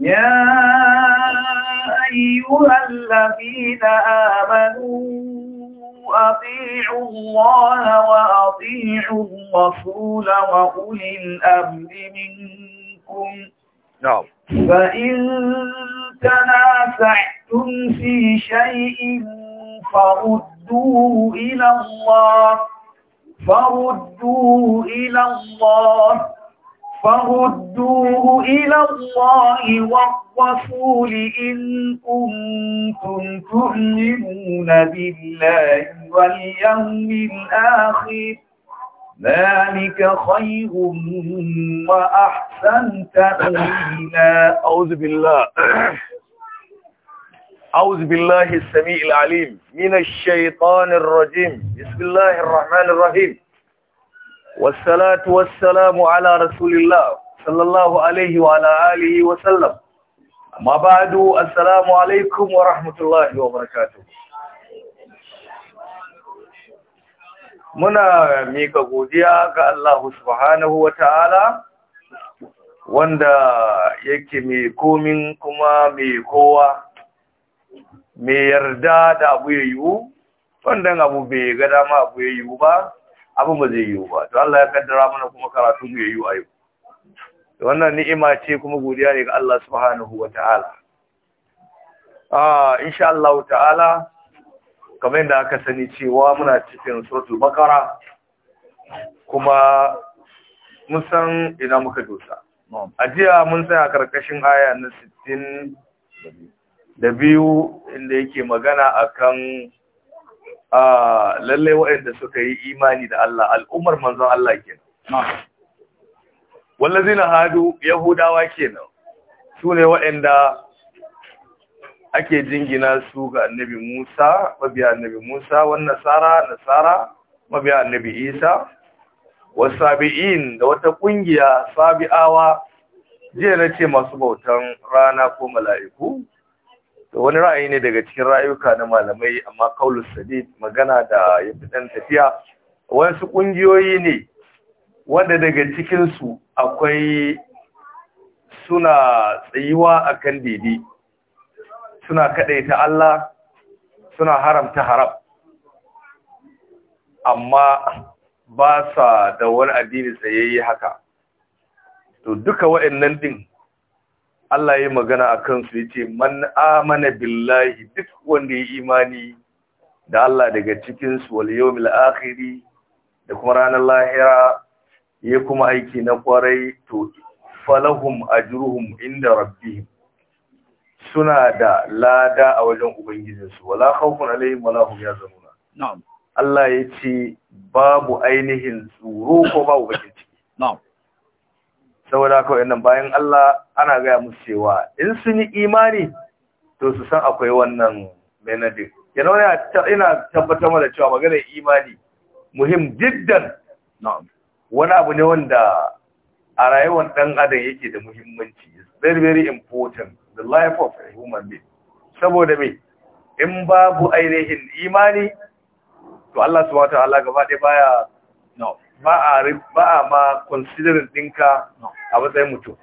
يا أيها الذين آمنوا أطيعوا الله وأطيعوا الرسول وأولي الأمر منكم نعم فإن تنافعتم في شيء فردوه إلى الله فردوه إلى الله فردوه إلى الله والرسول إن كنتم تؤمنون بالله واليوم الآخر ذلك خير وأحسن تأويلا أعوذ بالله أعوذ بالله السميع العليم من الشيطان الرجيم بسم الله الرحمن الرحيم Wasalatu wasalamu ala rasulillah sallallahu alaihi wa ala alihi wa sallam amma ba'du assalamu alaikum wa rahmatullahi wa barakatuh muna mika godiya ga Allah subhanahu wataala wanda yake mai komin kuma mai kowa mai yarda da abu yayu wanda abu bai gada ma abu yayu ba abin ba zai yiwu ba to Allah ya kaddara mana kuma karatu mu yayi a yau To wannan ni'ima ce kuma godiya ne ga Allah subhanahu wataala ah insha Allah ta'ala kamar yadda aka sani cewa muna cikin suratul baqara kuma mun san ina muka dosa a jiya mun san a karkashin aya na 60 da biyu inda yake magana akan lallai waɗanda suka yi imani da Allah al'ummar manzon Allah kenan na hadu yahudawa kenan su ne waɗanda ake jingina su ga annabi Musa mabiya annabi Musa wan nasara nasara mabiya annabi Isa wasabi'in da wata kungiya sabi'awa jiya na ce masu bautan rana ko mala'iku to wani ra'ayi ne daga cikin ra'ayuka na malamai amma kaulus sadid magana da ya fi ɗan tafiya wasu ƙungiyoyi ne wanda daga cikinsu akwai suna tsayuwa a kan daidai suna ta Allah suna haramta haram amma ba sa da wani addini tsayayye haka to duka waɗannan din Allah ya magana a kansu ya ce man amana billahi duk wanda ya imani da Allah daga cikinsu wal yawmil akhiri da kuma ranar lahira ya kuma aiki na kwarai to falahum ajruhum inda rabbi suna da lada a wajen ubangijinsu wala khawfun alaihim wala hum yazununa Allah ya ce babu ainihin tsoro ko babu bakin ciki saboda kawai nan, bayan Allah ana gaya musu cewa in sun yi imani to su san akwai wannan benedict yana wani ina tabbatar mana cewa maganar imani muhim jiddan wani abu ne wanda a rayuwar ɗan adam yake da muhimmanci is very very important the life of a human being saboda me in babu ainihin imani to Allah subhanahu wa ta'ala gaba ɗaya baya no ba a a ma considering dinka a matsayin mutum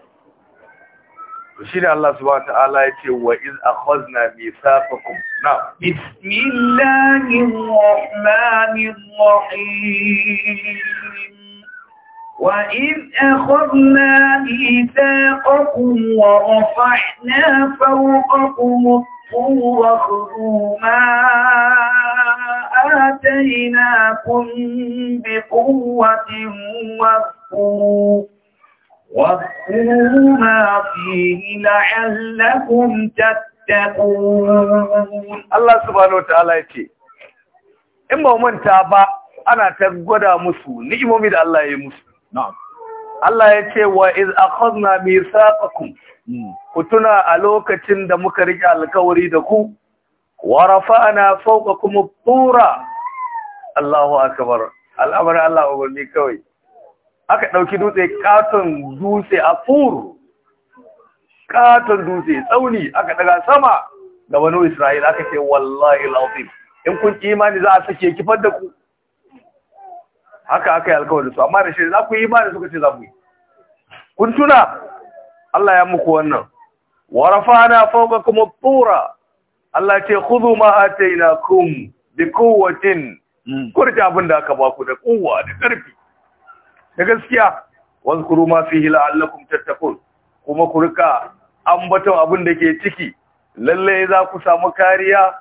shi shine Allah subhanahu ya ce wa iz akhadna mithaqakum na bismillahir rahmanir rahim وَإِذْ أَخَذْنَا مِيثَاقَكُمْ وَرَفَعْنَا فَوْقَكُمُ kuma خُذُوا مَا آتيناكم بقوة واذكروا واذكروا ما فيه لعلكم تتقون الله سبحانه وتعالى يتي إما ba تابع أنا ana مسو gwada musu الله يمسو نعم Allah ya ce wa iz akhadna mithaqakum kutuna tuna a lokacin da muka rike alkawari da ku wa rafa'na fauka kuma tura Allahu akabar! al'amari Allah ubangi kawai aka dauki dutse katon dutse a fur katon dutse tsauni aka daga sama ga banu Isra'ila aka ce wallahi laufin? in kun imani za a sake kifar da ku haka aka yi da su amma da shi za ku yi imani suka ce za ku yi kun tuna Allah ya muku wannan wa na fauka kuma tura Allah ce khudhu ma atainakum bi quwwatin hmm. kurta abin da aka baku da kuwa da ƙarfi da gaskiya wazkuru ma fihi la'allakum tattaqun kuma ku rika ambaton abin da ke ciki lalle za ku samu kariya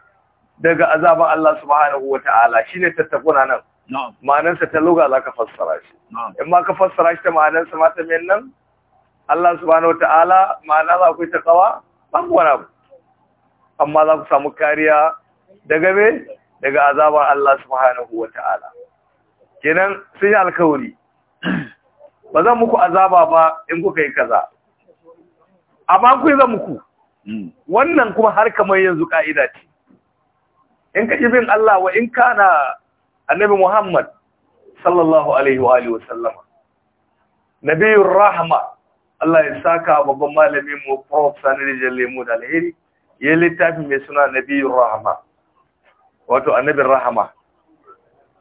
daga azaban Allah subhanahu wata'ala shine tattaquna nan sa ta luga za ka fassara shi in ma ka fassara shi ta sa ma ta nan Allah subhanahu wata'ala ma'ana za ku yi taqwa babu wani abu amma za ku samu kariya daga me daga azabar Allah subhanahu wata'ala kenan sun yi alkawari ba zan muku azaba ba in kuka yi kaza amma ku yi zan muku hmm. wannan kuma har kamar yanzu ka'ida ce in ka bin Allah wa in na annabi Muhammad sallallahu alaihi wa alihi nabiyur rahma Allah ya saka babban malamin mu prof Sani Jalle mu da alheri ya littafin mai suna nabiyur rahama wato annabin rahama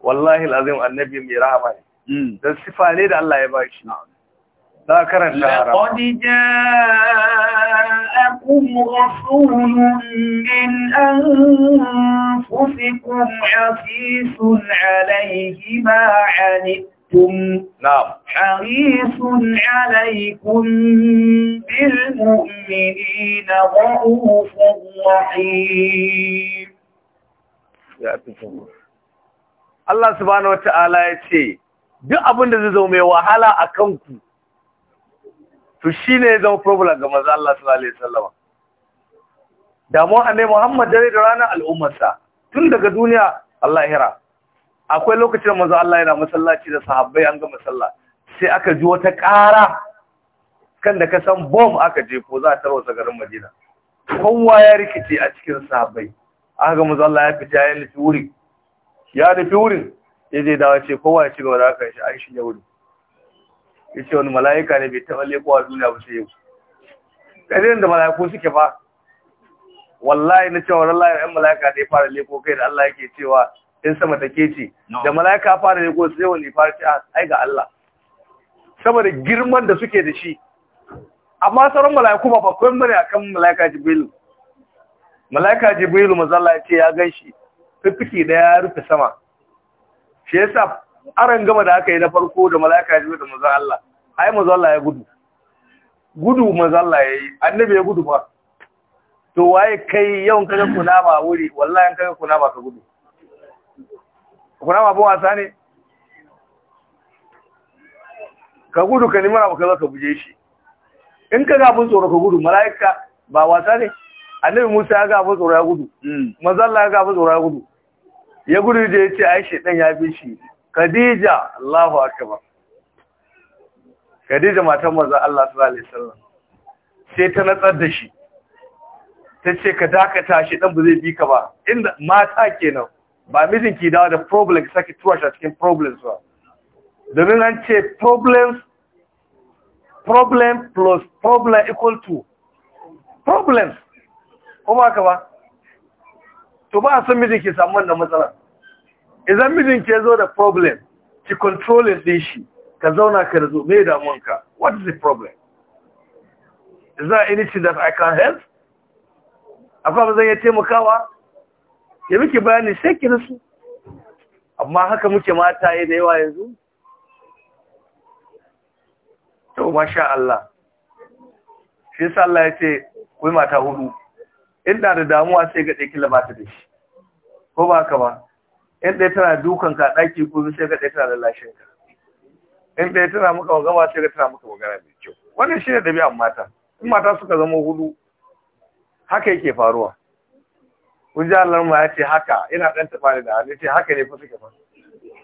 wallahi lazim annabi mai rahama ne hmm. dan sifa ne da Allah ya ba shi na karanta haram laqad ja'akum rasulun min anfusikum hafizun alayhi ma 'anittum أنفقتم نعم حريص عليكم بالمؤمنين رؤوف رحيم يا Allah subhanahu wata'ala ya ce duk abin da zai zo mai wahala a kanku to shine ya zama problem ga maza Allah sallallahu alaihi wasallam damuwa annai Muhammad dare da ranar al'ummarsa tun daga duniya Allah hira akwai lokacin manzo Allah yana masallaci da sahabbai an ga masalla sai aka ji wata ƙara kan da ka san bomb aka je ko za a tarwasa garin Madina kowa ya rikice a cikin sahabbai aka ga manzo Allah ya fita ya nufi wuri ya nufi wurin ya je dawo ce kowa ya ci gaba da haka shi an shige wuri ya ce wani mala'ika ne bai taɓa lekowa duniya ba sai yau ƙarfin da mala'iku suke ba. wallahi na cewa wallahi ɗan mala'ika ne fara leko kai da Allah yake cewa in sama ta ce, da mala'ika fara ne ko sai wani fara ce ah, ai ga Allah saboda girman da suke da shi amma sauran mala'iku ba bakwai mare akan mala'ika jibril mala'ika jibril mazalla ya ce ya gan shi da ya rufe sama shi yasa aran gama da aka yi na farko da mala'ika jibril da mazalla Allah ai mazalla ya gudu gudu mazalla ya yi annabi ya gudu ba to waye kai yawan kaga kunama wuri wallahi kaga kaga kunama ka gudu ma ba wasa ne ka gudu ka nima ba ka zo ka buje shi in ka ga gafin tsoro ka gudu mala'ika ba wasa ne annabi musa ya gafin tsoro ya gudu mm. mazalla ya gafin tsoro ya gudu ya gudu da ya ce ai shaidan ya bi shi khadija allahu akbar khadija matan manzo allah sallallahu alaihi wasallam sai ta natsar da shi ta ce ka dakata shi dan ba zai bi ka ba inda mata kenan ba mijin ki dawo da problem saki tura shi a cikin problems ba domin an ce problems problem plus problem equal to problems kuma ka ba to ba a san mijin ki samu wannan matsala idan mijin ke zo da problem ki controlling din shi ka zauna ka razo me damuwanka what is the problem is there anything that i can help akwai ba zan iya taimakawa da muke bayani sai ki rasu amma haka muke mataye da yawa yanzu to masha Allah shi yasa Allah ya ce kai mata hudu inda da damuwa sai ga dake labata da shi ko ba haka ba in ɗaya tana dukan ka ɗaki ko sai ga dake tana lashin ka in ɗaya tana muka magana sai ga tana muka magana da kyau wannan shi ne amma mata in mata suka zama hudu haka yake faruwa Allah ma ya ce haka ina ɗan taɓa ni da hannu ce haka ne fusuka fa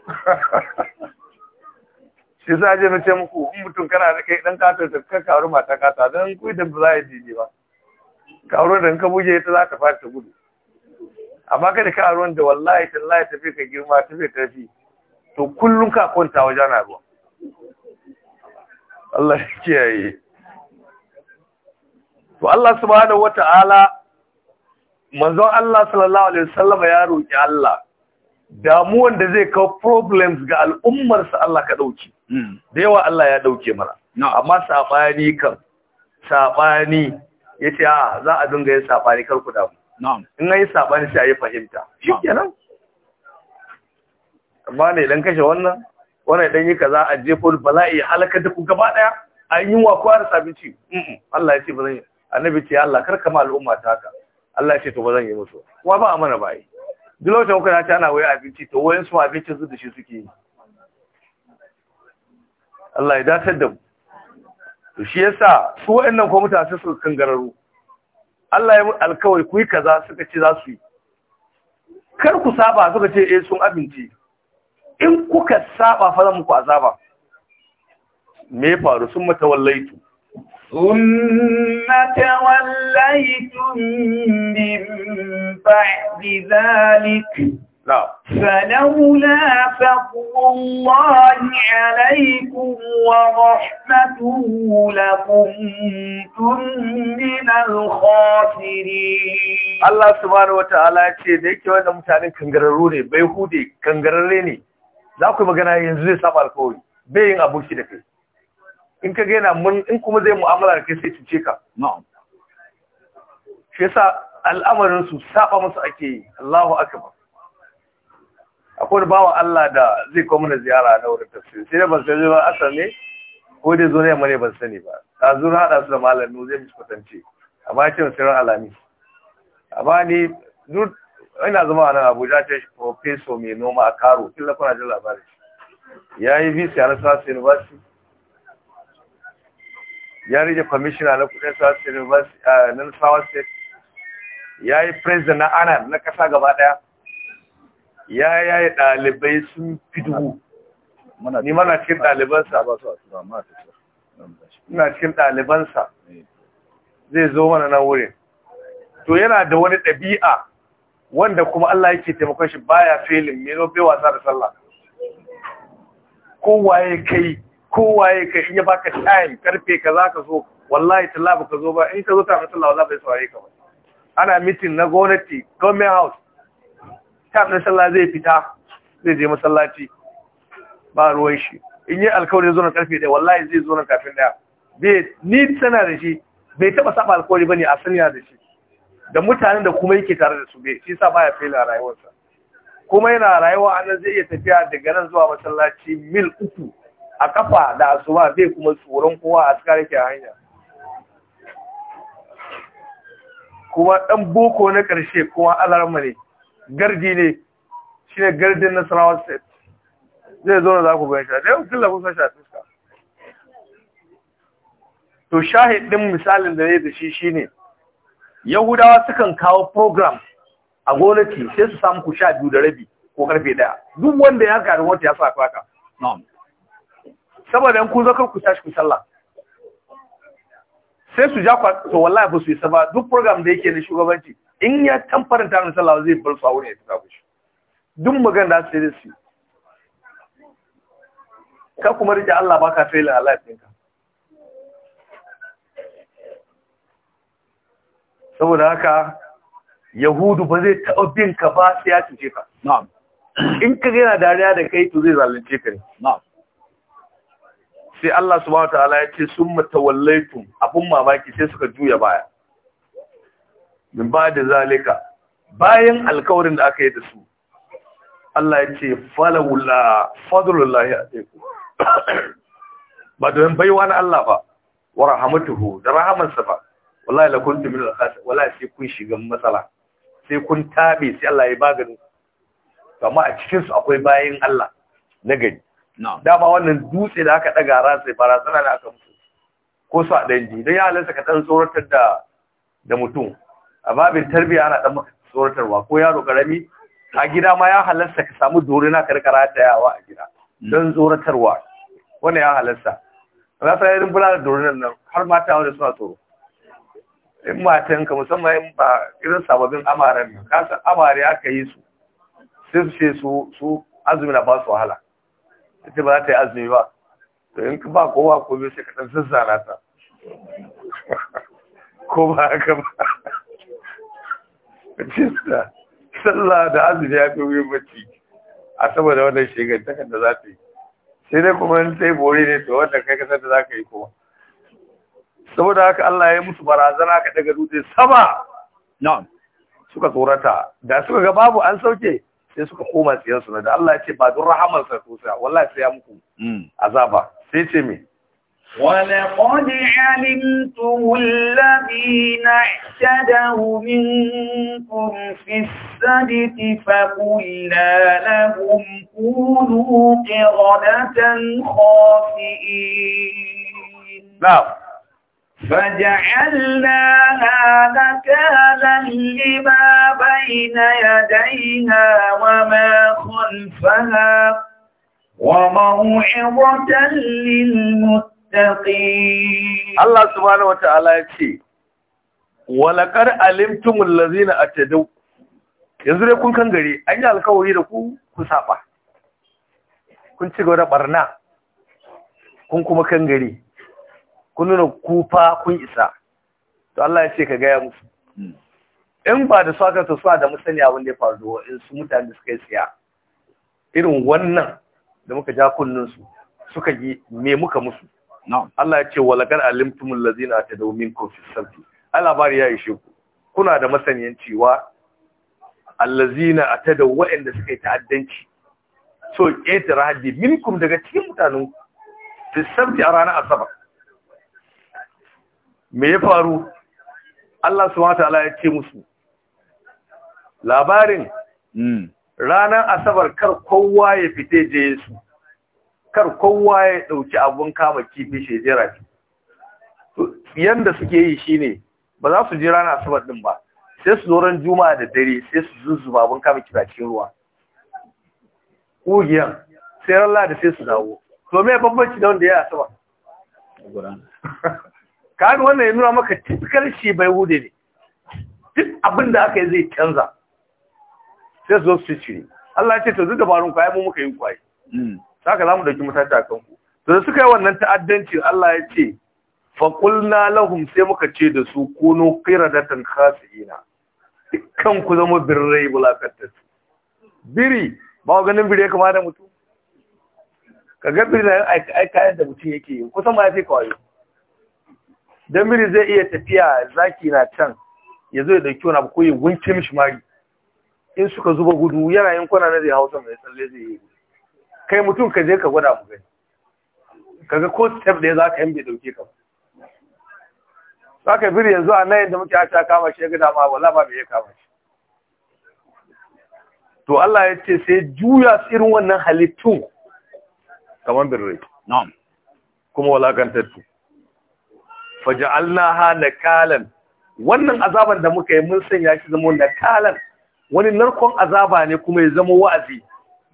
shi a je na ce muku in mutum kana da kai ɗan katar ta kan karu mata kata don kuwa da ba za a yi ba Karu da ka buge ta za ta fara ta gudu amma kada karuwan da wallahi tallahi tafi ka girma tafi tafi to kullum ka kwanta wajen ruwa Allah ya kiyaye to Allah subhanahu wata'ala manzon Allah sallallahu alaihi wasallam ya roki Allah damuwan da zai kawo problems ga al'ummarsa Allah ka dauke hmm. da yawa Allah ya dauke mana amma sabani kan sabani yace a za a dinga yin sabani kar ku damu in ai yi sabani sai ai fahimta shikenan amma ne dan kashe wannan wannan dan yi kaza a jefo bala'i halaka duk ku gaba daya an yi wa ko har sabinci Allah ya ce ba zan yi annabi ce Allah kar kama al'umma ta haka Allah ya ce to ba zan yi musu kuma ba amana ba yi duk lokacin kuka ta ana waya abinci to wayan su abincin su da shi suke yi Allah ya datar da mu to shi yasa su wayannan ko mutane su gararu Allah ya mu alkawari ku yi kaza suka ce za su yi kar ku saba suka ce eh sun abinci in kuka saba fa zan muku azaba me faru sun wallaitu ثم توليتم من بعد ذلك لا. فلولا فضل الله عليكم ورحمته لكنتم من الخاسرين الله سبحانه وتعالى ce da yake wannan mutanen kangararru ne bai hude kangararre ne za ku magana yanzu zai saba alkawari bai yin aboki da kai in ka gaina mun in kuma zai mu'amala da kai sai cuce ka na'am shi yasa al'amarin su saba musu ake yi Allahu akbar akwai bawa Allah da zai koma na ziyara na wurin tafsir sai ban san Asar ne ko dai zo ne mane ban sani ba ta zo hada su da malam malamin zai mu kwatance amma ya ce mu sirrin alami amma ni duk ina zama a nan Abuja ce professor mai noma a Karo killa kuna jin labarin yayi visa na University ya rage commissioner na kudin south state university ah, na south state ya yi president na ana na kasa gaba daya ya yayi dalibai sun fi ni mana cikin dalibansa ina cikin dalibansa eh. zai zo mana na wurin to yana da wani ɗabi'a wanda kuma Allah yake taimakon shi baya filin me zo bai wasa da sallah ya kai kowaye ka ya baka time karfe ka za ka zo wallahi talla ka zo ba in ka zo tafi talla za bai saurare ka ba ana mitin na gwamnati government house Ta tafi sallah zai fita zai je masallaci ba ruwan shi in yi alkawarin zo na karfe ɗaya wallahi zai zo na kafin ɗaya bai ni sana da shi bai taɓa saba alkawari ba ne a sanya da shi da mutanen da kuma yake tare da su bai shi sa baya fela rayuwarsa kuma yana rayuwa a nan zai iya tafiya daga nan zuwa masallaci mil uku a kafa da asuwa bai kuma tsoron kowa a tsakar yake hanya kuma dan boko na karshe kuma alarma ne gardi ne shine gardin Nasarawa state zai zo za ku bayan da yau killa kun sasha tuska to shahidin misalin da ne da shi shi ne yahudawa sukan kawo program a gonaki sai su samu ku sha biyu da rabi ko karfe daya duk wanda ya karu wata ya sa kwaka na'am saboda in kun zo kar ku tashi ku sallah sai su ja ku to wallahi ba su yi ba duk program da yake na shugabanci in ya tamfaranta na sallah zai bar su a wurin ya fita ku shi duk magana da su yi su ka kuma rike Allah baka failin a life ɗinka saboda haka yahudu ba zai taɓa bin ka ba sai ya cuce ka in ka gina dariya da kai to zai zalunce ka ne sai Allah subhanahu wataala ya ce sun matawallaitun abun mamaki sai suka juya baya min ba da zalika bayan alkawarin da aka yi da su Allah ya ce falawla fadlullahi alaikum ba don baiwa na Allah ba wa rahamatuhu da rahamansa ba wallahi la kuntum min al wallahi sai kun shiga matsala sai kun tabe sai Allah ya bagani amma a cikin su akwai bayan Allah na gani. dama wannan dutse da aka daga ran sai barazana da aka mutu ko su a danji don ya lansa ka dan tsoratar da mutum a babin tarbiyya ana dan tsoratarwa ko yaro karami a gida ma ya halarsa ka samu dore na karkara ta yawa a gida mm. don tsoratarwa Wani ya halarsa za su yi bula da dore nan har mata wani suna tsoro in matan ka musamman in ba irin sababbin amaren nan kasan amare aka yi su sai su ce su azumi na ba su wahala ta ce ba za ta yi azumi ba to in ka ba kowa ko biyu sai ka ɗan zazzana ta ko ba haka ba jinta sallah da azumi ya fi wuyi bacci a saboda wannan kan da za ta yi sai dai kuma in sai bori ne to wanda kai kasar da za ka yi kuma saboda haka Allah ya musu barazana ka daga dutse sama na'am suka tsorata da suka ga babu an sauke sai suka koma tsiyarsu na da Allah ya ce ba don rahamarsa ko sa wallahi sai ya muku azaba sai ce me ولقد علمتم الذين اعتدوا منكم في السبت فقلنا لهم كونوا قردة خاسئين نعم فجعلناها نكالا لِمَا بَيْنَ يَدَيْنَا وَمَا خُلْفَهَا وَمَوْعِظَةً لِلْمُتَّقِينَ الله سبحانه وتعالى يكي ولقد علمتم الذين أتدوا yanzu dai kun kan gari an yi alkawari da ku ku saba kun ci gaba da barna kun kuma kan gari kun nuna kufa kun isa to Allah ya ce ka gaya musu hmm. in ba da saka ta suna da musani abin da ya faru da in su mutane suka yi siya. irin wannan da muka ja kunninsu su suka yi me muka musu Allah ya ce walaqad alimtumul ladzina atadaw minkum fis Allah alabari ya ishe ku kuna da masaniyan cewa allazina atadaw wa'anda suka yi ta'addanci so ƙetare haddi minkum daga cikin mutanen fi sabti a ranar asabar me ya faru Allah su wata ala ya ce musu labarin hmm. ranar asabar kar kowa ya fite je su kar kowa ya dauki abun kama kifi shejera yanda suke yi shi ne, ba za su ji ranar asabar din ba sai su zoron juma'a da dare sai su zuzzuba abun kama kifi a cikin ruwa ƙugiyar sai ran da sai su dawo to me babbanci da wanda ya asabar kaga wannan ya nuna maka typical shi bai wude ne duk abin da aka yi zai canza sai zo su ci Allah ce to duk dabarun kwaye mu muka yi kwaye saka hmm. zamu dauki mutaci a kanku to da suka yi wannan ta'addanci Allah ya ce fa qulna lahum sai muka ce da su da tan khasina dukkan ku zama birrai bulakattatu biri ba ganin biri ya kama da mutum ka ga biri na aika da mutum yake yi kusan ma ya fi kwayo dan biri zai iya tafiya zaki na can ya zo ya dauki wani abu ko ya gunke mishi mari in suka zuba gudu yana yin kwana na zai hausa mai tsalle zai yi kai mutum ka je ka gwada mu gani kaga ko step da ya zaka yin bai dauke ka ba biri yanzu a nan yadda muke a kama shi ya gada ma wala ba bai kama shi to Allah ya ce sai juya su irin wannan halittun kamar birrai kuma walakantattu faja'alnaha nakalan wannan azaban da muka yi mun sanya shi zama nakalan wani narkon azaba ne kuma ya zama wa'azi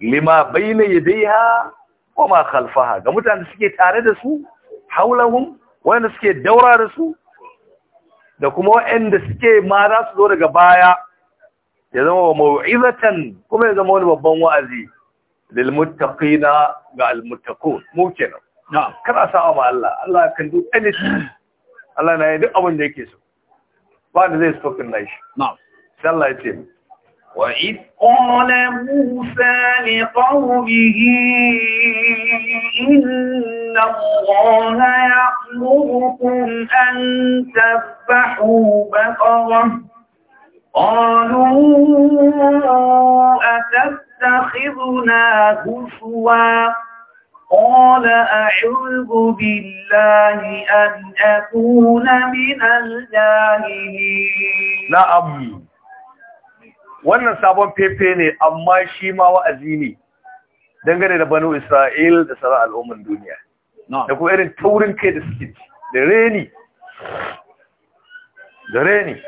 lima bayna yadayha wa ma khalfaha ga mutanen da suke tare da su haulahum wanda suke daura da su da kuma wanda suke ma za su zo daga baya ya zama wa mau'izatan kuma ya zama wani babban wa'azi lil muttaqina ga al muttaqun mu kenan na'am kana sa'a ma Allah Allah kan duk anything Allah na yi duk abin da yake so ba da zai stopin na shi sai Allah ya ce wa id qala musa li qawmihi inna allaha ya'murukum an tadhbahu baqara قالوا أتتخذنا هزوا قال أعوذ بالله أن أكون من الجاهلين نعم wannan sabon fefe ne amma shi ma wa'azi ne dangane da banu Isra'il da sauran al'umman duniya da kuma irin taurin kai da suke ci da reni da reni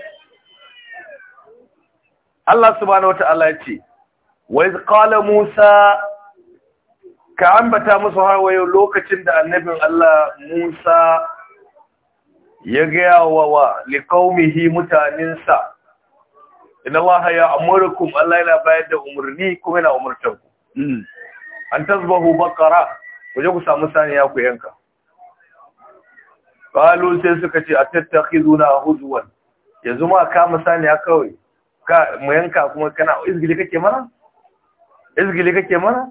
Allah subhanahu wa ta'ala ya ce wa iz qala Musa ka ambata musu har wayo lokacin da annabin Allah Musa ya gaya wa wa liqaumihi mutaninsa inna Allah ya amurukum Allah yana bayar da umarni kuma yana umurtar ku hmm. an tasbahu baqara ku je ku samu saniya ku yanka qalu sai suka ce atattakhizuna huzwan yanzu ma ka saniya kawai ka mu yanka kuma kana izgili kake mana izgili kake mana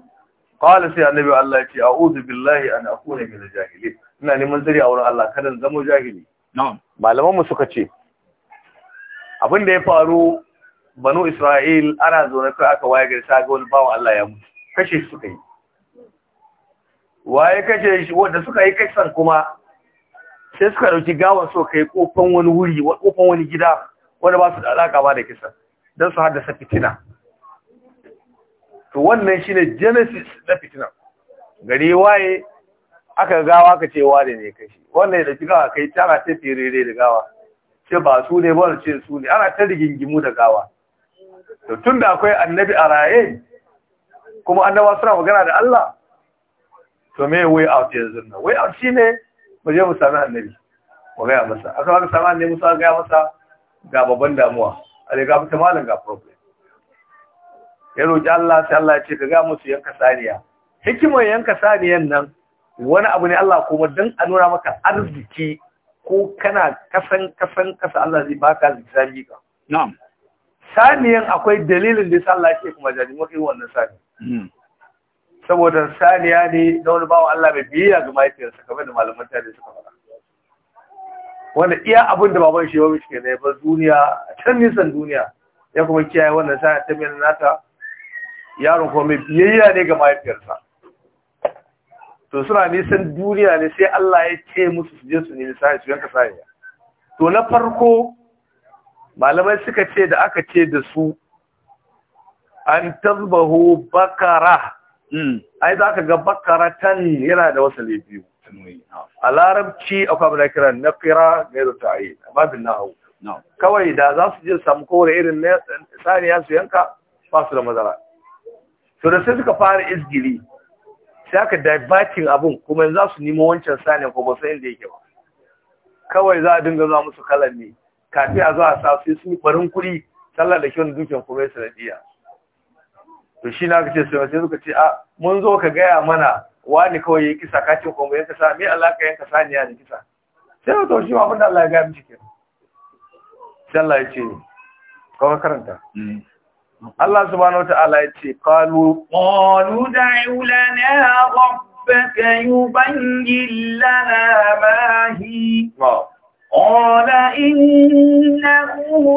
qala sai annabi Allah ya ce a'udhu billahi an akuna min al-jahilin ina neman tsari a wurin Allah kada zama jahili na'am malaman mu suka ce abin da ya faru banu Isra'il ana zaune kai aka waye gari sa ga wani bawan Allah ya mutu kashe shi suka yi waye kashe shi wanda suka yi kasan kuma sai suka dauki gawar so kai kofan wani wuri kofan wani gida wanda ba su da alaka ba da kisan don su haddasa fitina to wannan shine genesis na fitina gari waye aka gawa aka ce wane ne kashi wannan da kika kai tara ta firere da gawa ce ba su ne ba ce su ne ana ta rigingimu da gawa to tunda akwai annabi a raye kuma annabawa suna magana da Allah to me way out yanzu nan way out shine mu je mu sami annabi mu gaya masa aka ga sami annabi musa ga masa ga babban damuwa a ga mutum malam ga problem ya roƙi Allah sai Allah ya ce ka ga musu yanka saniya hikimar yanka saniyan nan wani abu ne Allah kuma dan a nuna maka arziki ko kana kasan kasan kasa Allah zai baka arziki sami ka na'am saniyan akwai dalilin da Allah ya ce kuma mu kai wannan sani hmm. saboda saniya ne da wani bawo Allah mai biya ga mahaifiyarsa kamar da malaman tare suka faɗa wanda iya abin da baban shi ya wuce ne ba duniya a can nisan duniya ya kuma kiyaye wannan sa'a ta mai nata yaron kuma mai biyayya ne ga mahaifiyarsa to suna nisan duniya ne sai Allah ya ce musu su je su ne sai su yanka sai to na farko malamai suka ce da aka ce da su an tazbahu bakara hmm. ai za ka ga bakaratan yana da wasu lebiyu a larabci akwai abin da kira na kira ga yadda ta yi a babin na hau kawai da za su je samu kowane irin saniya su yanka ba su da mazara so da sai suka fara izgiri, sai aka diverting abun kuma yanzu za su nemo wancan sani ko ba sai inda yake ba kawai za a dinga zuwa musu kalan ne kafin a zuwa sa sai sun yi barin kuɗi sallar da kyau dukiyar kuma ya sanadiya to shi na kace sai sai suka ce a ah, mun zo ka gaya mana wani kawai ya kisa kacin kuma yanka kasa me Allah ka yanka saniya da kisa sai to shi ma abin da Allah ya ga miki kenan sallah ya ce kawai karanta hmm. Allah subhanahu wata'ala ya ce qalu qalu da'u lana rabbaka yubayyin lana ma hi قال إنه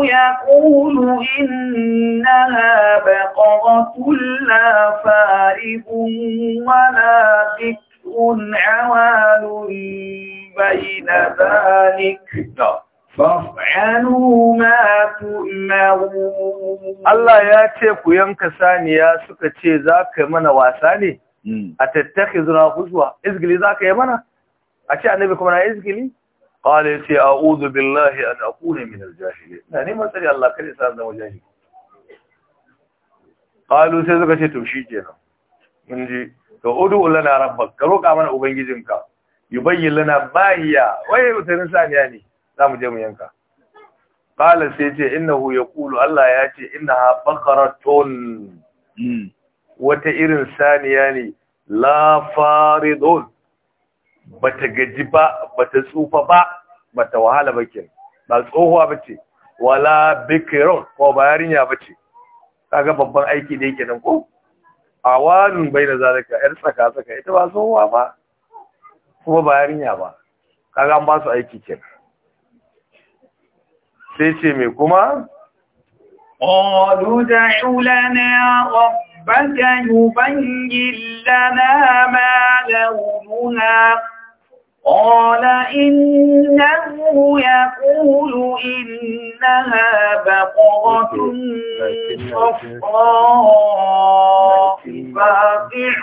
يقول إنها بقرة لا فارغ ولا ذكر عوال بين ذلك Fa'alu ma tu'maru Allah ya ce ku yanka saniya suka ce za ka mana wasa ne hmm. a tattaki zuna huzwa izgili za ka yi mana a ce annabi kuma na izgili qala sai a'udhu billahi an akuna min al-jahilin na neman matsari Allah kare sa zama jahili qalu sai suka ce to shikenan mun ji to udu lana rabbak ka roka mana ubangijinka yi lana ma wai mutanen saniya ne za mu je mu yanka qala sai ce ya kulu Allah ya ce ha baqaratun hmm. wata irin saniya ne la ba bata gaji ba bata tsufa ba bata wahala ba ke ba tsohuwa bace wala bikiron ko ba bace kaga babban aiki da yake nan ko bai baina zaraka yar tsaka tsaka ita ba tsohuwa ba kuma ba ya ba kaga an ba su aiki kenan سيتي ميكوما قالوا دعوا لنا ربك يبنجل لنا ما لونها قال إنه يقول إنها بقرة صفراء فاقع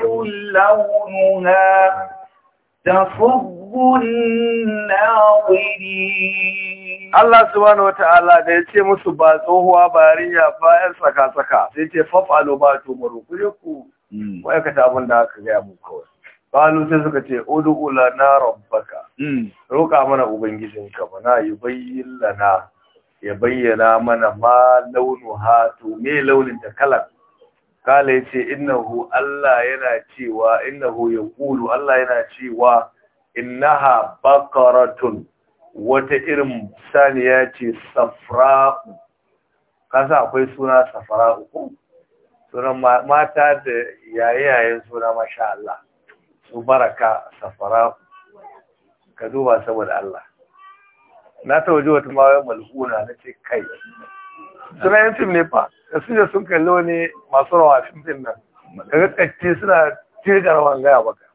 لونها تفر Allah الله Wa ta'ala da ya ce musu ba tsohuwa ba yarinya ba yan saka saka sai ce fafalo ba to muru kuje ku wai hmm. ka da aka gaya mu kawai qalu sai suka ce ud'u na rabbaka hmm. roƙa mana ubangijinka mana yi bayyana ya bayyana mana ma launu hatu me launin ta kalar kala ya ce innahu Allah yana cewa innahu ya Allah yana cewa innaha baqaratun wata irin saniya ce safra'u kasa akwai suna safra'u ko sunan mata da yayayen suna masha Allah su baraka safra'u ka duba saboda Allah na ta waje wata mawai malhuna na ce kai suna yin fim ne fa da su sun kalli wani masu rawa fim din nan ga tsakki suna cirgar wangaya baka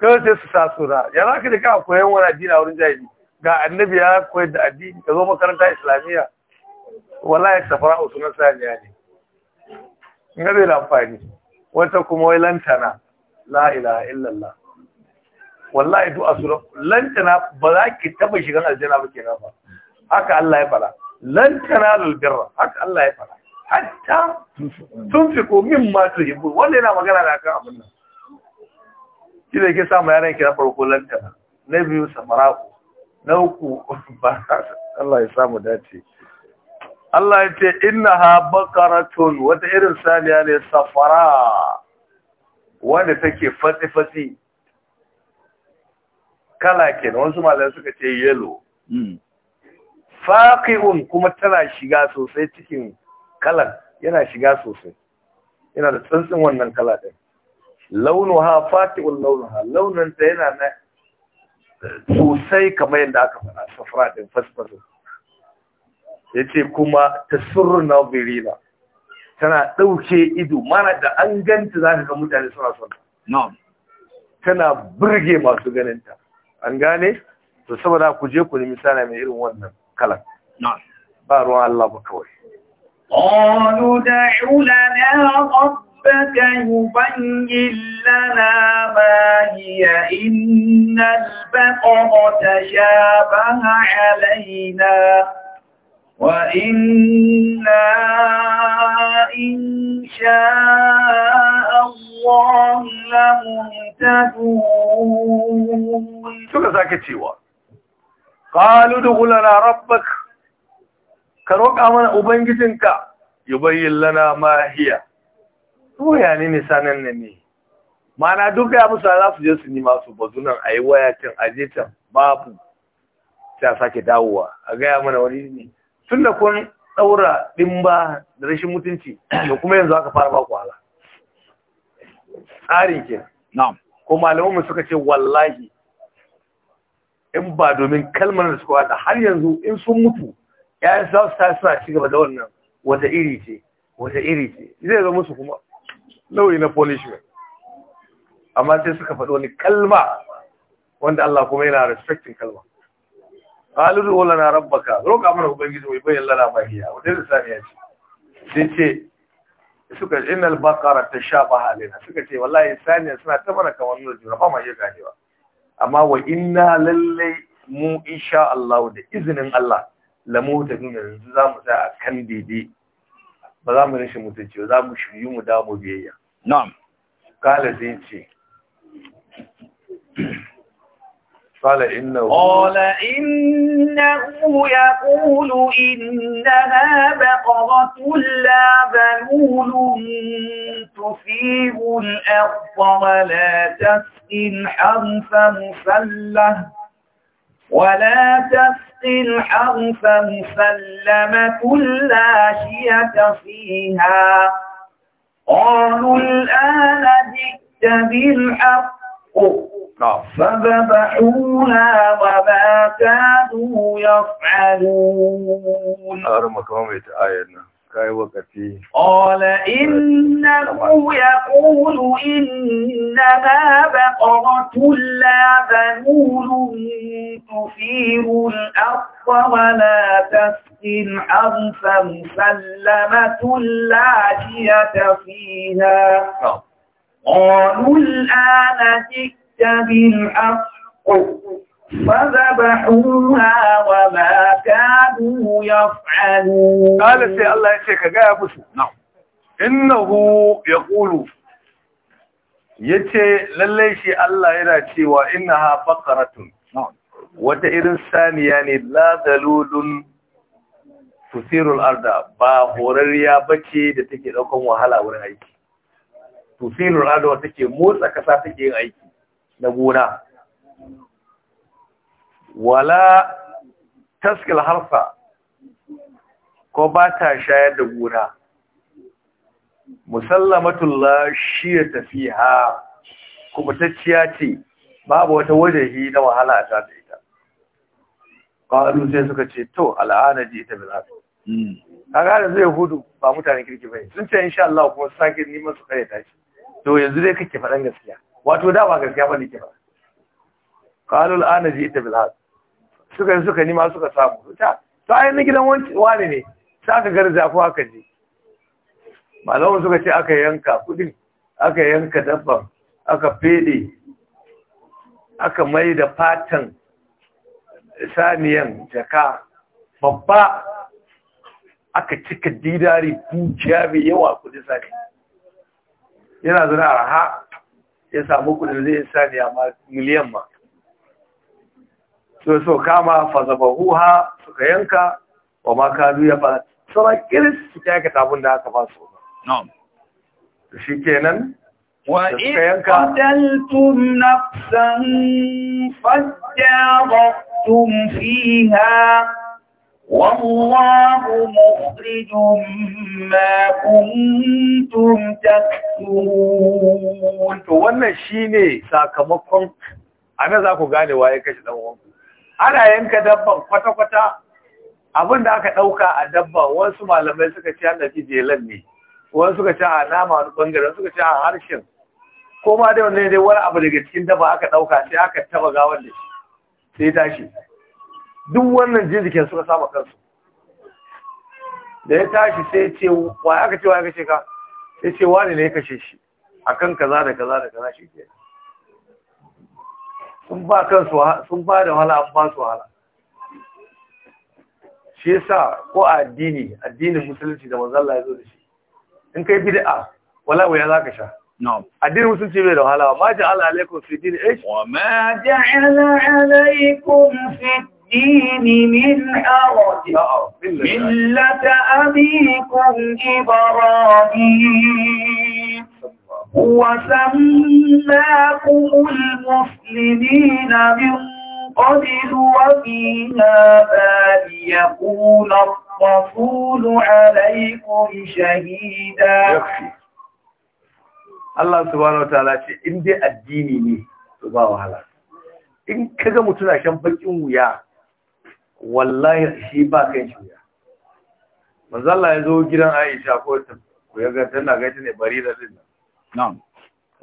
kawai sai su sa da ya za ka je ka koyan wani addini a wurin jahili ga annabi ya koyar da addini ka zo makaranta islamiyya Wala ya safara usunan saniya ne in ga zai amfani wata kuma wai lantana la ilaha illallah wallahi du'a sura lantana ba za ki taba shigan aljanna ba kenan ba haka Allah ya fara lantana lil birra haka Allah ya fara hatta tunfiqu mimma tuhibbu wanda yana magana da kan abin nan shi da ke samun yaran kira farko lantana na biyu samaraku na uku ba Allah ya samu dace Allah ya ce innaha baqaratun wata irin saniya ne safara wanda take fatsi-fatsi kala ke wasu malamai suka ce yelo hmm. faƙi'un kuma tana shiga sosai cikin kalan yana shiga sosai yana da tsantsin wannan kala din launuha fati'un launuha launin ta yana na sosai kamar yadda aka fara safra din fasfasu yace kuma ta tasurru birina tana ɗauke ido mana da an ganta zaka ga mutane suna son na'am tana burge masu ganinta an gane to saboda ku je ku ni misali mai irin wannan kalan na'am ba ruwan Allah ba kawai qalu da'u lana ربك يبين لنا ما هي إن البقر تشابه علينا وإنا إن شاء الله لمهتدون شو كذاك تشيوا قالوا ادعوا لنا ربك ka roƙa mana ubangijinka yubayyin lana ma hiya tuya ne ne na ne mana duk ya musu za su je su nima su bazu nan a yi waya can aje can babu ta sake dawowa a gaya mana wani ne tun da kun ɗaura ɗimba da rashin mutunci da kuma yanzu aka fara baku hala tsarin ke ko mu suka ce wallahi in ba domin kalmar da suka wata har yanzu in sun mutu ‘ya'yan za su ta suna ci gaba da wannan wata iri ce wata iri ce zai zama musu kuma nau'i na punishment amma sai suka faɗi ni kalma wanda Allah kuma yana respecting kalma Halidu wala na rabbaka roka mana ubangiji mai bayyana lana bahiya wanda da sani ya ce sai ce suka innal baqara tashabaha alaina suka ce wallahi saniya suna ta mana kamar nuna juna ba ma iya ganewa amma wa inna lallai mu insha Allah da izinin Allah lamu ta nuna yanzu za mu tsaya a kan daidai ba za mu rashin mutunci ba za mu shiryu mu damu biyayya na'am kala zai ce قال إنه قال إنه يقول إنها بقرة لا بنول تثير الأرض ولا تسقي الحرث مسلة ولا تسقي الحرف مسلمة لا شية فيها قالوا الآن جئت بالحق نعم. فذبحوها وما كانوا يفعلون قال إنه يقول إنما بقرة لا ذنول تثير الأرض ولا تسقي الحرف مسلمة لا جية فيها نعم. قالوا الآن جئت بالحق فذبحوها وما كانوا يفعلون قال سي الله قال يا مسلم نعم إنه يقول Ya ce, lallai shi Allah yana cewa innaha baqaratun wata irin saniya ne la dalulun tusirul arda ba horarriya bace da take daukan wahala wurin aiki tusirul arda wata take motsa kasa take yin aiki na gona wala taskil harfa ko ba ta shayar da gona musallamatullah shi ya tafi tafiha kubutacciya ce babu wata wajahi na wahala a ta da ita ƙwararru sai suka ce to al'ana ji ita bilhafi hmm. a gane zai hudu ba mutane kirki bai sun ce insha Allah kuma sake neman su kare ta shi to yanzu dai kake faɗan gaskiya wato da gaskiya ba ne ke ba ƙwararru al'ana ji ita bilhafi suka yi suka nima suka samu ta ta ainihin gidan wani ne sa ka garza ko haka ne? malamin suka ce aka yanka kudin aka yanka dabban aka fede aka mai da fatan saniyan jaka babba aka cika didari dukiya mai yawa kudin sani yana zana raha ya samu kudin zai saniya ma miliyan ma so so kama ha suka yanka wa ma kanu ya fara sauran kiris suka yanka tabun da aka ba su shi kenan وإذ قتلتم نفسا فادارأتم فيها والله مخرج ما كنتم wannan shine sakamakon ana za ku gane waye kashi dan ana yanka dabban kwata kwata abinda aka ɗauka a dabba wasu malamai suka ce annabi jelan ne wani suka ce a nama wani bangare suka ce a harshen ko ma dai wannan dai wani abu daga cikin dafa aka ɗauka sai aka taba ga da shi sai tashi duk wannan jirgin suka saba kansu da ya tashi sai ce wa aka ce wa aka ce ka sai ce wani ne ya kashe shi akan kaza da kaza da kaza shi ke sun ba kansu sun ba da wahala an ba su wahala shi yasa ko a addini addinin musulunci da manzon Allah ya zo da shi انت بدعة ولا ويا ذاك شا نعم الدين وصلت في هلا ما جعل عليكم في الدين ايش وما جعل عليكم في الدين من حرج ملة أبيكم إبراهيم وسماكم المسلمين من قبل وفي هذا ليكون الرسول عليكم شهيدا Allah subhanahu wataala ce in dai addini ne to ba wahala in kaga mutum na shan bakin wuya wallahi shi ba kan shi wuya manzo Allah ya zo gidan Aisha ko ta ku yaga tana ga ta ne bari da din na'am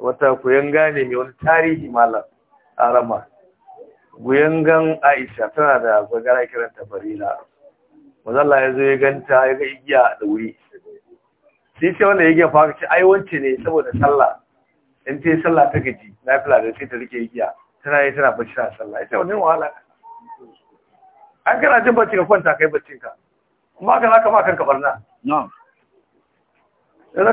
wata ku yanga gane mai wani tarihi malam arama guyangan Aisha tana da bagara kiranta barira mazalla ya zo ya ganta ya ga igiya da wuri. sai ce wanda igiya fa ce ai wance ne saboda sallah in ce sallah ta gaji na fila da sai ta rike igiya tana yi tana bacci na sallah ita wani wahala an kana jin bacci ka kwanta kai baccin ka kuma haka za ka ma kanka barna in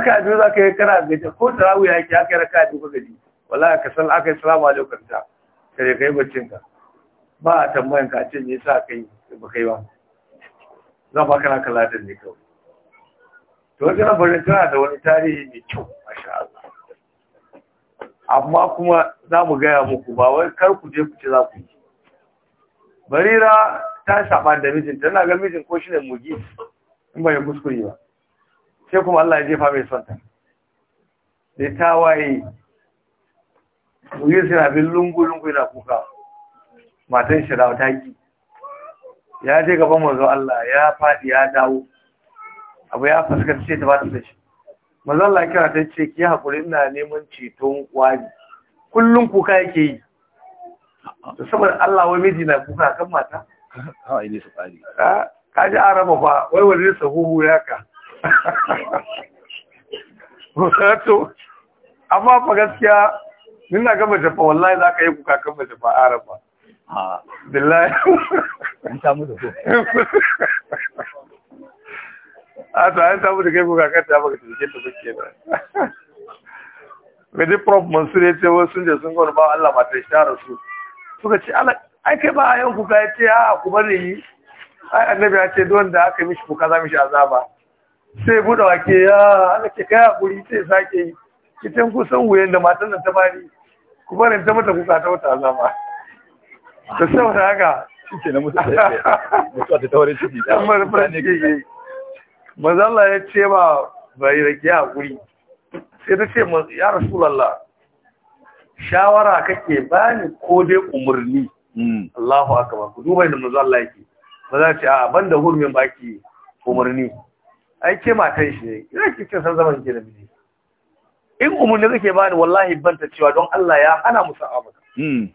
ka biyu za ka yi kana gaji ko tarawu ya ke aka yi raka biyu ka gaji wala ka san aka yi salamu alaikum ta kare kai baccin ka ba a tambayan ka ce me yasa kai ba kai ba zan baka na kaladin ne kawai to wajen labarin tana da wani tarihi mai kyau a Allah amma kuma za mu gaya muku ba wai kar ku je ku ce za ku yi barira ta saba da mijin tana ga mijin ko shi ne mugi in ba ya kuskure ba sai kuma Allah ya jefa mai son ta da ta waye mugi suna bin lungu-lungu yana kuka matan shi ta ki ya je gaban mazo Allah ya faɗi ya dawo abu ya fuskanci ta bata da shi mazo Allah kira ta ce ki hakuri ina neman ceton wani kullun kuka yake yi saboda Allah wai miji na kuka kan mata ha ile su tsari ka ji araba fa wai wani sahuhu ya ka wato amma fa gaskiya ina ga jafa fa wallahi ka yi kuka kan mace fa araba a billahi an samu da ko a ta an samu da kai ko kakar ta baka tafi ta bace da me dai prof mansur ya ce sun je sun gwada ba Allah mata ta rasu suka ce Allah ai kai ba ayan kuka ya ce a ku bari yi ai annabi ya ce don da aka mishi ku kaza mishi azaba sai buɗe wake ya Allah ke kai hakuri sai sake yi kitan kusan wuyan da matan nan ta bari ku barin ta mata kuka ta wata azaba da saboda haka shi na mutuwa ta taurin ciki da mutane gege mazalla ya ce ba bai rage hakuri sai ta ce ya rasulallah shawara kake bani ko dai umarni hmm. Allahu akbar ku duba da mazalla yake ba za ce a banda hurmin baki umarni ai ke matan shi ne ina ki ce san zaman ki da miji in umarni kake bani wallahi banta cewa don Allah ya hana musa abu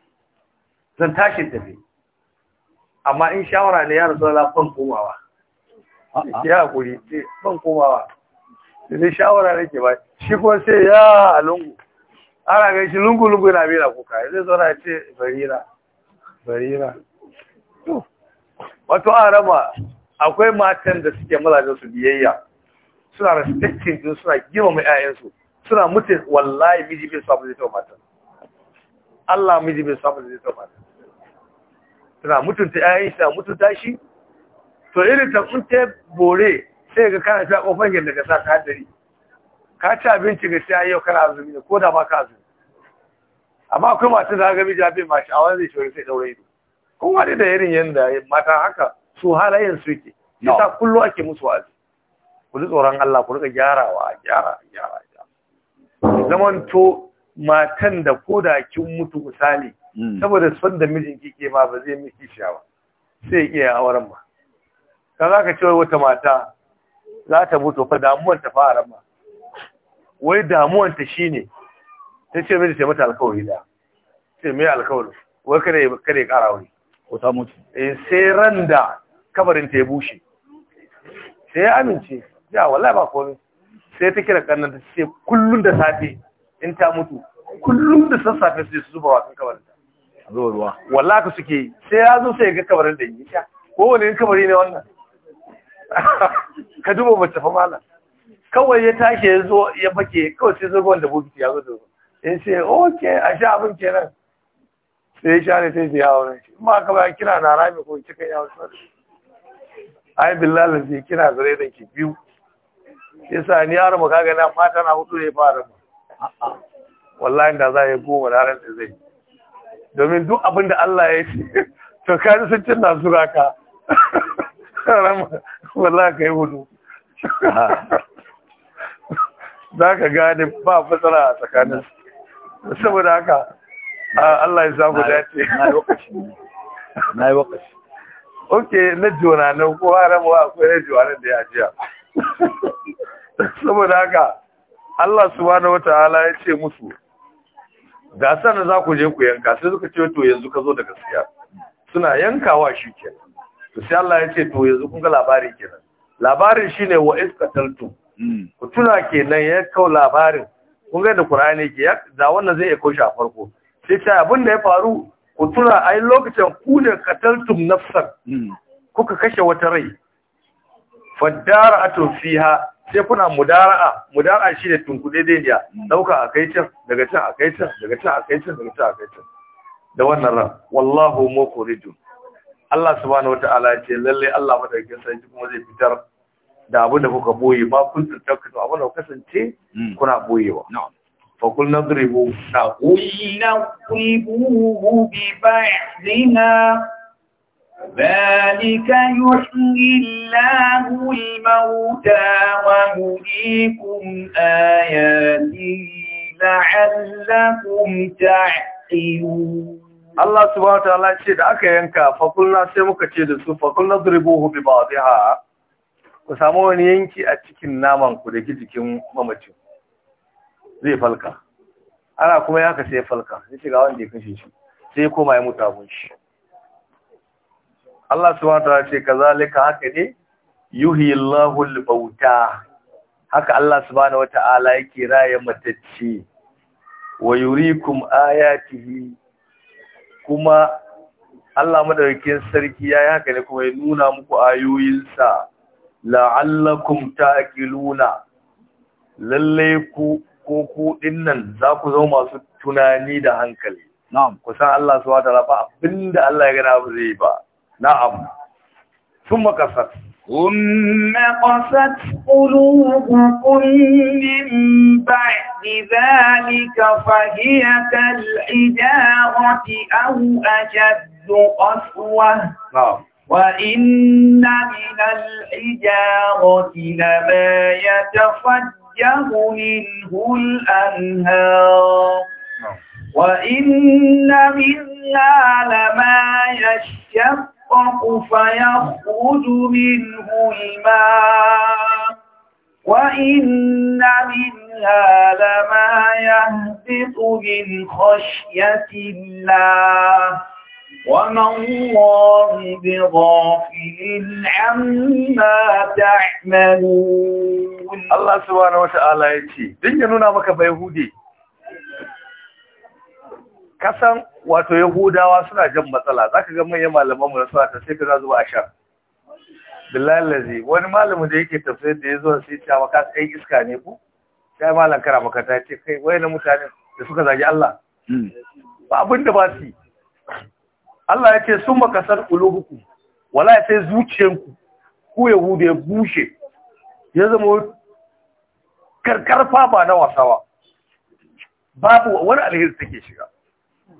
zan tashi tafi amma in shawara ne ya rasu da ban komawa ya hakuri ban komawa ne shawara ke ba shi kuma sai ya lungu ana ga shi lungu lungu yana bera kuka zai zo ce barira barira wato a rama akwai matan da suke mazajen su biyayya suna respecting jin suna girmama ƴaƴansu suna mutu wallahi miji bai samu zai taɓa matan Allah miji bai samu zai taɓa matan suna mutunta yayin a mutunta shi to irin tafin ta bore sai ga kana a kofar yadda ka sa ka hadari ka ci abinci ga sai yau kana azumi ne ko da ba ka azumi amma akwai masu da ga mija bai mashi a wani zai shi sai daure ido kowa wani da irin yadda mata haka su halayen su yake yasa kullu ake musu wazi. ku ji tsoron Allah ku rika gyarawa gyara gyara zaman to matan da ko da kin mutu misali Hmm. saboda son da mijinki ke ma ba zai miki shawa sai ya iya auren ma ka za ka ce wata mata za ta mutu fa damuwanta ta fara ma wai damuwanta ta shine ta ce miji ta mata alkawari da ce mai alkawari wai kare kare kara wani ko ta mutu eh sai ran da kabarin ta ya bushe sai ya amince ya wallahi ba komai sai ta kira kannan ta ce kullun da safe in ta mutu kullum da sassafe sai su zuba wasan ta ruwa wallaka suke sai ya zo sai ga kabarin da yi ko wani kabari ne wannan ka dubo mace fa mala kawai ya tashi ya zo ya fake kawai sai zo wanda bukiti ya zo da in ya ce a sha abin kenan sai ya share sai ya yawon shi ma ka ba kina na rami ko kika ya sarki ai billahi zai kina zare da ki biyu yasa ni yaro mu kaga na fata na hudu ne fara wallahi da za ya goma da ran da zai domin duk abin da Allah ya ce to kaji sun cin na zura ka wallahi kai hudu za ka gane ba fasara a tsakanin saboda haka Allah ya samu dace na yi wakashi ok na jona nan ko wa akwai na jona da ya jiya saboda haka Allah subhanahu ala ya ce musu gasar da za ku je ku yanka sai suka ce to yanzu ka zo da gaskiya suna yankawa shi ke to sai Allah ya ce to yanzu kun ga labari kenan labarin shine wa iskataltu hmm. ku tuna kenan ya kau labarin kun ga da Qur'ani ke da wannan zai iya kaushe a farko sai ta abin da ya faru ku tuna ai lokacin ku ne qataltum nafsan hmm. kuka kashe wata rai faddara atu fiha sai kuna mudara'a mudara'a shi shine tunkude daidaiya dauka kai can daga can a kai can daga can a kai can daga can a kai can da wannan ran wallahu mukhrijun Allah subhanahu wata'ala ya ce lalle Allah madaukakin sarki kuma zai fitar da abin da kuka boye ma kun to abin da kuka kasance hmm. kuna boyewa qul na نقول bi ba'dina ذلك يحيي الله الموتى ويريكم آياته لعلكم تعقلون Allah subhanahu wataala ce da aka yanka fakulna sai muka ce da su fakulna duribuhu bi ba'dha ku samu wani yanki a cikin naman ku da jikin mamacin zai falka ana kuma ya ka sai falka sai ga wanda ya kashe shi sai koma ya mutu abun shi Allah subhanahu wa ce kazalika haka ne Yuhi Allahu al haka Allah subhanahu wa yake raye matacce wa yurikum ayatihi kuma Allah madaukakin sarki yayi haka ne kuma ya nuna muku ayoyinsa la'allakum ta'qiluna lalle ku ko ku dinnan za ku zama masu tunani da hankali na'am kusan Allah subhanahu wa ta'ala ba abinda Allah ya gana ba zai ba نعم ثم قصت ثم قست قلوبكم من بعد ذلك فهي كالحجارة أو أشد قسوة نعم وإن من الحجارة لما يتفجر منه الأنهار نعم. وإن منها لما يشق يشقق فيخرج منه الماء وإن منها لما يهبط من خشية الله وما الله بغافل عما تعملون الله سبحانه وتعالى يتي دنيا نونا مكا بيهودي kasan wato yahudawa suna jan matsala Za ka ga manyan malaman mu na salata sai ka zuwa ashar billahi lazi wani malamin da yake tafiye da yazo sai ta maka kai iska ne ku sai malam kara maka ta ce kai wai na mutane da suka zagi Allah hmm. ba abin da ba su Allah ya ce sun makasar ƙulubuku, wala ya sai zuciyanku, ku Yahudu ya bushe, ya zama karkarfa ba na wasawa, babu wani alheri take shiga.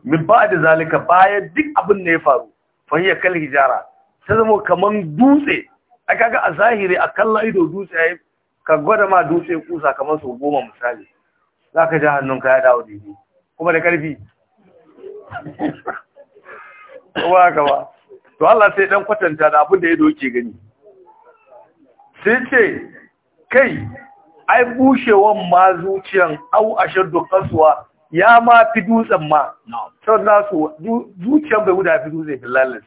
min ba da zalika bayan duk abin da ya faru fahiyya kal hijara ta zama kamar dutse a kaga a zahiri a kan ido dutse ya ka gwada ma dutse kusa kamar sau goma misali za ka ji ka ya dawo daidai kuma da ƙarfi ba ka ba to Allah sai dan kwatanta da abin da ya doke gani sai ce kai ai bushewan ma zuciyan au ashaddu qaswa ya ma fi dutsen ma sau na su zuciyar bai guda fi dutse lalace.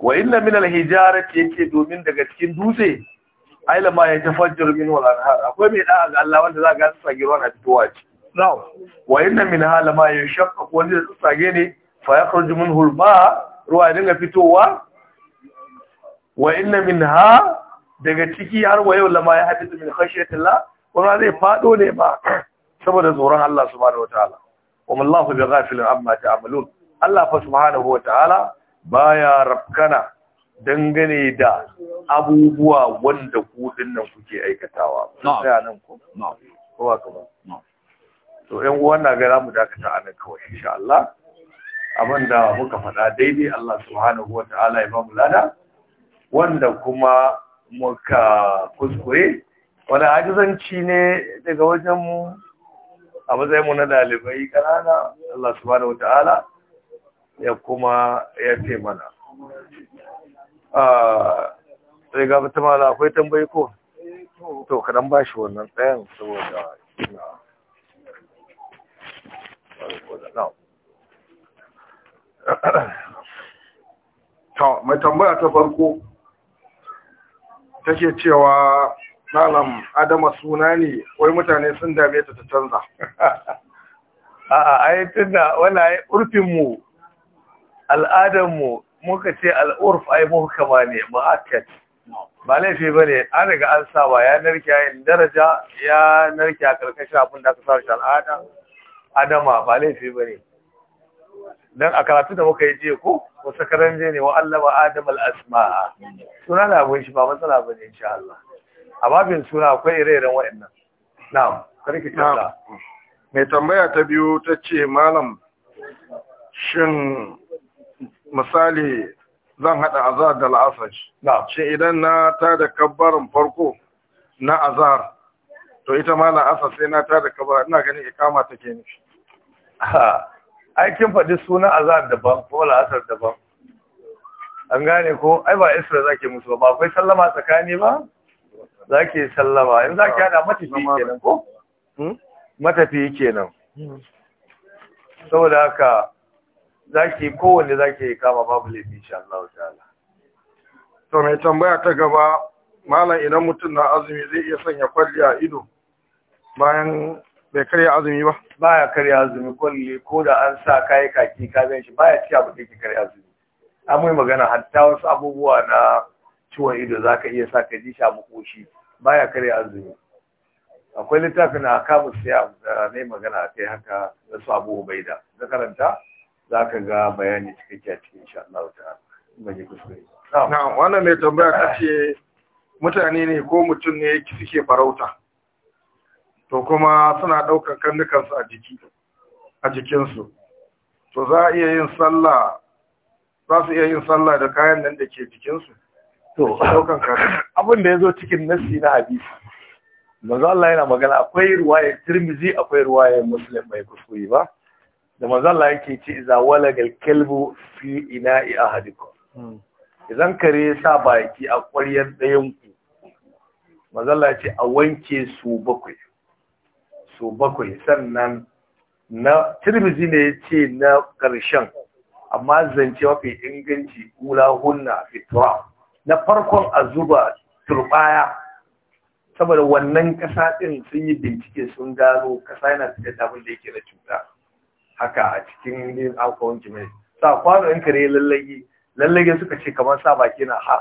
wa inna min alhijara ce yake domin daga cikin dutse aila ma ya tafajjar min wa anhar akwai mai da'a ga Allah wanda za ga su sage ruwan a fitowa ce. wa inna min hala ma ya ko wanda su sage ne fa ya minhu al ma ruwa dinga fitowa wa inna min ha daga ciki har wa yau lama ya hadithu min khashyatillah kuma zai faɗo ne ba saboda tsoron Allah subhanahu wataala wa mallahu bighafilin amma ta'malun Allah fa subhanahu wataala baya rafkana dangane da abubuwa wanda ku dinnan kuke aikatawa sai nan ko kowa kuma to ɗan uwan na ga mu dakata a nan kawai insha Allah abinda muka faɗa daidai Allah subhanahu wataala ya ba mu lada wanda kuma muka kuskure wani ajizanci ne daga wajen mu a matsayin mu na dalibai kanana Allah subhanahu wataala ya kuma ya ce mana sai ga ta mala akwai tambayi ko to kadan ba shi wannan tsayan saboda ina mai tambaya ta farko take cewa malam adama suna ne wai mutane sun dame ta ta canza a'a ai tunda wala ai urfin mu al'adan mu muka ce al'urf ai muhkama ne muhakkat ba laifi ne an riga an saba ya narke yayin daraja ya narke a karkashin abin da aka sa shi al'ada adama ba laifi ne. dan a karatu da muka yi jiya ko wasu karanje ne wa Allah wa Adam suna da abun shi ba matsala ne insha Allah a babin suna akwai ire-iren waɗannan na'am karki kalla mai tambaya ta biyu ta ce malam shin misali zan haɗa azar da la'asar shi idan na ta da kabbarin farko na azar to ita ma la'asar sai na ta da kabbarin ina ganin ikama ke nufi aikin faɗi suna azar daban ko la'asar daban an gane ko ai ba isra ke musu ba akwai sallama tsakani ba za ki sallama yanzu za ki yana hmm? matafi kenan ko? matafi kenan saboda haka za ki kowanne za ki kama babu laifi shi, Allah ta'ala to mai tambaya ta gaba malam idan mutum na azumi zai iya sanya kwalli a ido bayan bai karya azumi ba baya karya azumi kwalli ko da an sa kayi kaki ka gan shi baya ci abu da yake karya azumi an mai magana hatta wasu abubuwa na ciwon ido za ka iya sa ka ji shi a makoshi baya kare azumi akwai littafin a kamu siya ne magana a kai haka na su abu ubaida na karanta za ka ga bayani cikakke a cikin sha Allah ta mai kuskure na wannan mai tambaya ce mutane ne ko mutum ne suke farauta to kuma suna ɗaukar karnukansu a jiki a jikinsu to za a iya yin sallah za su iya yin sallah da kayan nan da ke jikinsu to abin da ya zo cikin nassi na hadisi manzo Allah yana magana akwai ruwaya Tirmidhi akwai ruwaya Muslim bai kusuri ba da manzo Allah yake ce iza walagal kalbu fi ina'i ahadikum idan kare sa baki a ƙwaryar ɗayan ku manzo Allah ya a wanke su bakwai su bakwai sannan na Tirmidhi ne ya ce na karshen, amma zance mafi inganci kula hunna fitra na farkon a zuba turbaya saboda wannan ƙasa ɗin sun yi bincike sun gano ƙasa yana fitar da abin da yake na cuta haka a cikin yin alkawon jimai sa kwano in kare lallage lallage suka ce kamar sa baki na ha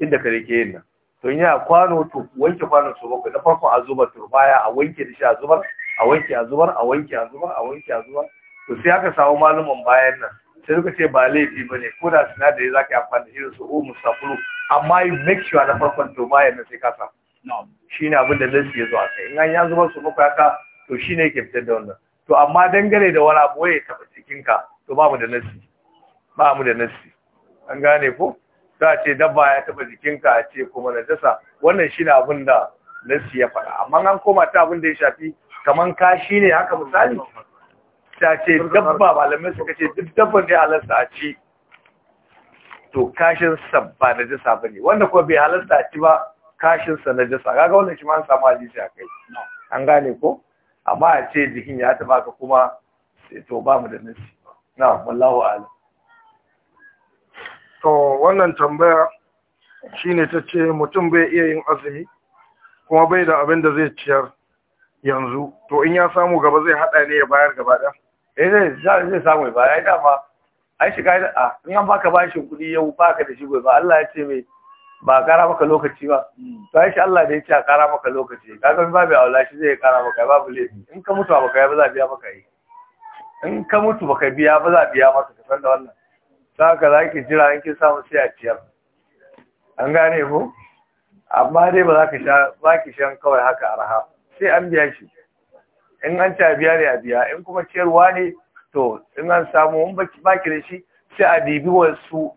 inda kare ke yin nan to ya kwano to wanke kwano su bakwai na farko a zuba turbaya a wanke da shi a zubar a wanke a zubar a wanke a zubar a wanke a zubar to sai aka samu malaman bayan nan sai suka ce ba laifi ba ne ko da sinadari za ka yi amfani da irin su o oh, musafuru amma yi make sure na farkon to ma yana sai ka sa shi ne abin da lissi ya zo kai in an ya zuba su muku haka to shi ne ke fitar da wannan to amma dangane da wani abu ya taɓa cikinka to ba mu da nasi. ba mu da nasi. an gane ko za a ce dabba ya taɓa jikinka a ce kuma na dasa wannan shi ne abin da nassi ya faɗa amma an koma ta abin da ya shafi kaman shi ne haka misali ta ce dabba malamai suka ce duk dabba ne halasta a ci to kashin sabba na jisa ba ne wanda kuma bai halasta a ci ba kashin sa na jisa kaga wannan shi ma an samu hadisi a kai an gane ko amma a ce jikin ya taba ka kuma to ba mu da nasi na wallahu a'lam to wannan tambaya shine ta ce mutum bai iya yin azumi kuma bai da abin da zai ciyar yanzu to in ya samu gaba zai hada ne ya bayar gaba ɗaya eh zai samu ya baya dama ai shiga da ah, a in an baka bashin kuɗi yau baka da shi gobe ba Allah ya ce mai ba kara maka lokaci ba hmm. to ai shi Allah da ya ce a kara maka lokaci kaga in babu aula shi zai kara maka babu laifi in ka mutu baka yi ba za a biya maka yi in ka mutu ba ka biya ba za a biya maka ka san da wannan saka za ki jira in kin samu sai a ciyar an gane ko amma dai ba za ka sha ba ki shan kawai haka araha sai an biya shi in an ci a biya ne a biya in kuma ciyarwa ne to in an samu in baki da shi sai a dibi wasu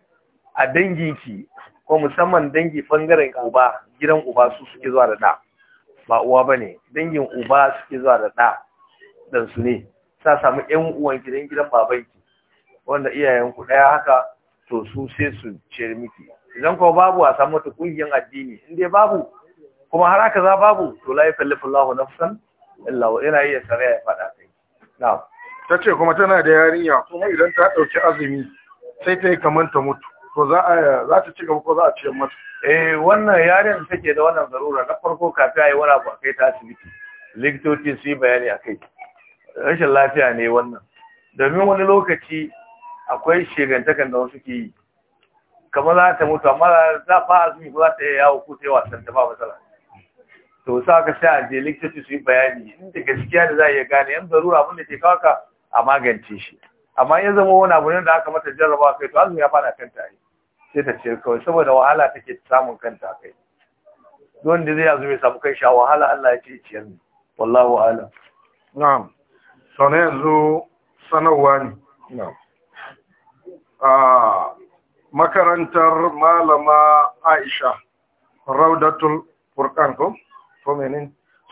a danginki ko musamman dangi bangaren uba gidan uba su suke zuwa da da ba uwa ba ne dangin uba suke zuwa da da dan su ne sa samu yan uwan gidan gidan babanki wanda iyayen ku ɗaya haka to su sai su ciyar miki idan ko babu a samu ta ƙungiyar addini in dai babu kuma har aka za babu to la yukallifu Allahu nafsan illa yana iya sare ya faɗa kai ta ce kuma tana da yarinya kuma idan ta ɗauki azumi sai ta yi ta mutu ko za a za ta ci gaba ko za a ce mata eh wannan yaren da take da wannan zarura na farko kafin a yi wani abu a kai ta asibiti likitoci su yi bayani a kai rashin lafiya ne wannan domin wani lokaci akwai shegantakan da wasu ke yi kamar za ta mutu amma za ba azumi ko za ta iya yawo ko ta yi wasan ta ba matsala to sa ka sai a je likitoci su yi bayani inda gaskiya da za a iya gane yan zarura abin da ke kawo ka a magance shi amma ya zama wani abu ne da aka mata jarraba kai to azumi ya fada kanta ai sai ta ce kawai saboda wahala take samun kanta kai don da zai azumi samu kai sha wahala Allah ya ce ciyar ni wallahu alam na'am sana yanzu sanarwa ne na'am a makarantar malama Aisha Raudatul Furqan ko prominent